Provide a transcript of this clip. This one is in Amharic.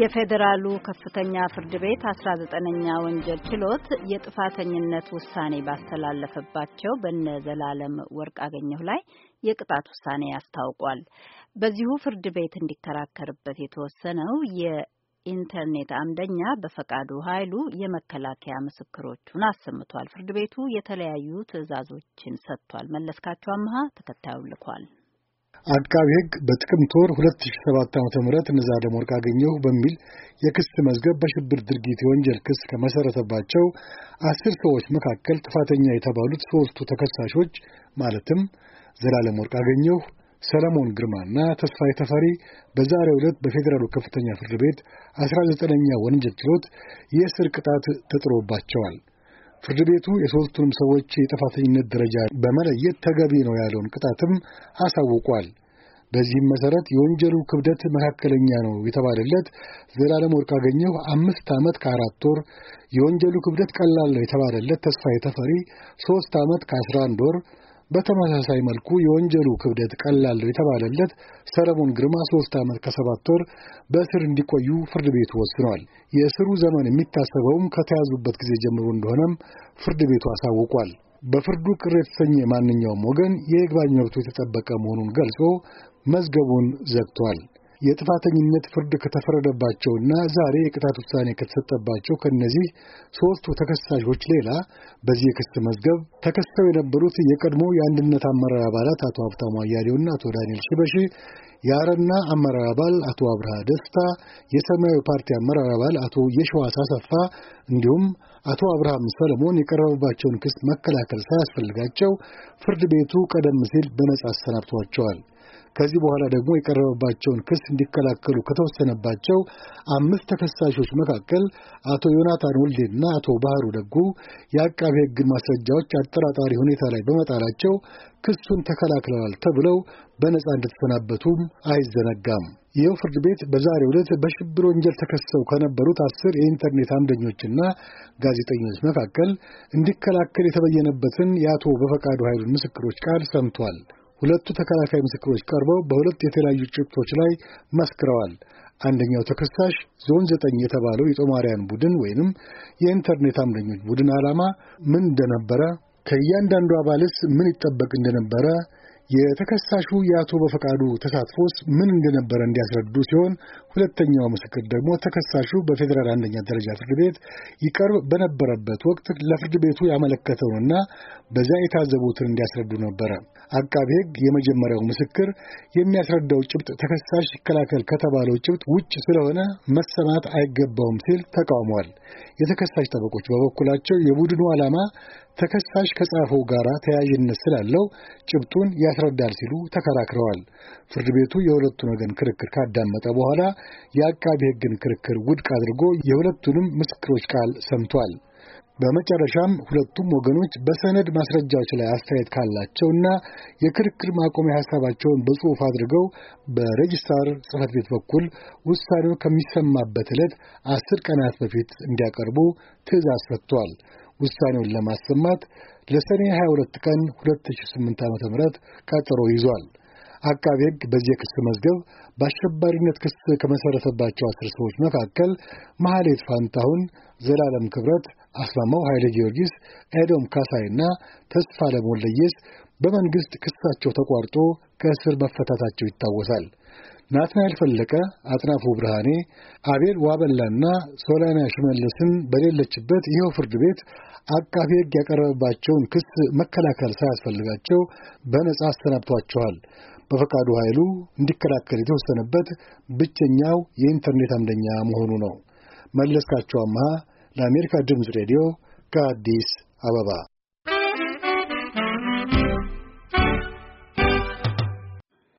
የፌዴራሉ ከፍተኛ ፍርድ ቤት 19ኛ ወንጀል ችሎት የጥፋተኝነት ውሳኔ ባስተላለፈባቸው በነ ዘላለም ወርቅ አገኘሁ ላይ የቅጣት ውሳኔ አስታውቋል። በዚሁ ፍርድ ቤት እንዲከራከርበት የተወሰነው የኢንተርኔት አምደኛ በፈቃዱ ኃይሉ የመከላከያ ምስክሮቹን አሰምቷል። ፍርድ ቤቱ የተለያዩ ትዕዛዞችን ሰጥቷል። መለስካቸው አምሃ ተከታዩን ልኳል። አቃቢ ሕግ በጥቅምት ወር 2007 ዓ.ም ንዛደም ወርቅ አገኘሁ በሚል የክስ መዝገብ በሽብር ድርጊት የወንጀል ክስ ከመሰረተባቸው አስር ሰዎች መካከል ጥፋተኛ የተባሉት ሦስቱ ተከሳሾች ማለትም ዘላለም ወርቅ አገኘሁ፣ ሰለሞን ግርማና ተስፋዬ ተፈሪ በዛሬው ዕለት በፌዴራሉ ከፍተኛ ፍርድ ቤት 19ኛ ወንጀል ችሎት የእስር ቅጣት ተጥሮባቸዋል። ፍርድ ቤቱ የሦስቱንም ሰዎች የጥፋተኝነት ደረጃ በመለየት ተገቢ ነው ያለውን ቅጣትም አሳውቋል። በዚህም መሰረት የወንጀሉ ክብደት መካከለኛ ነው የተባለለት ዘላለም ወርቅአገኘሁ አምስት ዓመት ከአራት ወር፣ የወንጀሉ ክብደት ቀላል ነው የተባለለት ተስፋዬ ተፈሪ ሦስት ዓመት ከአስራ አንድ ወር በተመሳሳይ መልኩ የወንጀሉ ክብደት ቀላል ነው የተባለለት ሰለሞን ግርማ ሶስት ዓመት ከሰባት ወር በእስር እንዲቆዩ ፍርድ ቤቱ ወስኗል። የእስሩ ዘመን የሚታሰበውም ከተያዙበት ጊዜ ጀምሮ እንደሆነም ፍርድ ቤቱ አሳውቋል። በፍርዱ ቅር የተሰኘ ማንኛውም ወገን የይግባኝ መብቱ የተጠበቀ መሆኑን ገልጾ መዝገቡን ዘግቷል። የጥፋተኝነት ፍርድ ከተፈረደባቸውና ዛሬ የቅጣት ውሳኔ ከተሰጠባቸው ከእነዚህ ሦስቱ ተከሳሾች ሌላ በዚህ የክስ መዝገብ ተከሰው የነበሩት የቀድሞ የአንድነት አመራር አባላት አቶ ሀብታሙ አያሌውና አቶ ዳንኤል ሽበሺ፣ የአረና አመራር አባል አቶ አብርሃ ደስታ፣ የሰማያዊ ፓርቲ አመራር አባል አቶ የሸዋስ አሰፋ እንዲሁም አቶ አብርሃም ሰለሞን የቀረበባቸውን ክስ መከላከል ሳያስፈልጋቸው ፍርድ ቤቱ ቀደም ሲል በነጻ አሰናብቷቸዋል። ከዚህ በኋላ ደግሞ የቀረበባቸውን ክስ እንዲከላከሉ ከተወሰነባቸው አምስት ተከሳሾች መካከል አቶ ዮናታን ወልዴና አቶ ባህሩ ደጉ የአቃቢ ሕግን ማስረጃዎች አጠራጣሪ ሁኔታ ላይ በመጣላቸው ክሱን ተከላክለዋል ተብለው በነፃ እንደተሰናበቱም አይዘነጋም። ይኸው ፍርድ ቤት በዛሬ ዕለት በሽብር ወንጀል ተከሰው ከነበሩት አስር የኢንተርኔት አምደኞችና ጋዜጠኞች መካከል እንዲከላከል የተበየነበትን የአቶ በፈቃዱ ኃይሉን ምስክሮች ቃል ሰምቷል። ሁለቱ ተከላካይ ምስክሮች ቀርበው በሁለት የተለያዩ ጭብጦች ላይ መስክረዋል። አንደኛው ተከሳሽ ዞን ዘጠኝ የተባለው የጦማሪያን ቡድን ወይንም የኢንተርኔት አምደኞች ቡድን ዓላማ ምን እንደነበረ፣ ከእያንዳንዱ አባልስ ምን ይጠበቅ እንደነበረ፣ የተከሳሹ የአቶ በፈቃዱ ተሳትፎስ ምን እንደነበረ እንዲያስረዱ ሲሆን ሁለተኛው ምስክር ደግሞ ተከሳሹ በፌዴራል አንደኛ ደረጃ ፍርድ ቤት ይቀርብ በነበረበት ወቅት ለፍርድ ቤቱ ያመለከተውንና በዚያ የታዘቡትን እንዲያስረዱ ነበረ። አቃቢ ሕግ የመጀመሪያው ምስክር የሚያስረዳው ጭብጥ ተከሳሽ ይከላከል ከተባለው ጭብጥ ውጭ ስለሆነ መሰማት አይገባውም ሲል ተቃውሟል። የተከሳሽ ጠበቆች በበኩላቸው የቡድኑ ዓላማ ተከሳሽ ከጻፈው ጋር ተያያዥነት ስላለው ጭብጡን ያስረዳል ሲሉ ተከራክረዋል። ፍርድ ቤቱ የሁለቱን ወገን ክርክር ካዳመጠ በኋላ የአቃቢ ሕግን ክርክር ውድቅ አድርጎ የሁለቱንም ምስክሮች ቃል ሰምቷል። በመጨረሻም ሁለቱም ወገኖች በሰነድ ማስረጃዎች ላይ አስተያየት ካላቸውና የክርክር ማቆሚያ ሀሳባቸውን በጽሑፍ አድርገው በሬጅስትራር ጽሕፈት ቤት በኩል ውሳኔው ከሚሰማበት ዕለት አስር ቀናት በፊት እንዲያቀርቡ ትእዛዝ ሰጥቷል። ውሳኔውን ለማሰማት ለሰኔ 22 ቀን 2008 ዓ.ም ቀጠሮ ይዟል። አቃቤ ሕግ በዚህ የክስ መዝገብ በአሸባሪነት ክስ ከመሠረተባቸው አስር ሰዎች መካከል መሐሌት ፋንታሁን፣ ዘላለም ክብረት፣ አስማማው ኃይለ ጊዮርጊስ፣ ኤዶም ካሳይና ተስፋ ወልደየስ በመንግሥት ክሳቸው ተቋርጦ ከእስር መፈታታቸው ይታወሳል። ናትናኤል ፈለቀ፣ አጥናፉ ብርሃኔ፣ አቤል ዋበላና ሶሊያና ሽመልስን በሌለችበት ይኸው ፍርድ ቤት አቃፊ ሕግ ያቀረበባቸውን ክስ መከላከል ሳያስፈልጋቸው በነጻ አሰናብቷቸዋል። በፈቃዱ ኃይሉ እንዲከላከል የተወሰነበት ብቸኛው የኢንተርኔት አምደኛ መሆኑ ነው። መለስካቸው አመሃ ለአሜሪካ ድምፅ ሬዲዮ ከአዲስ አበባ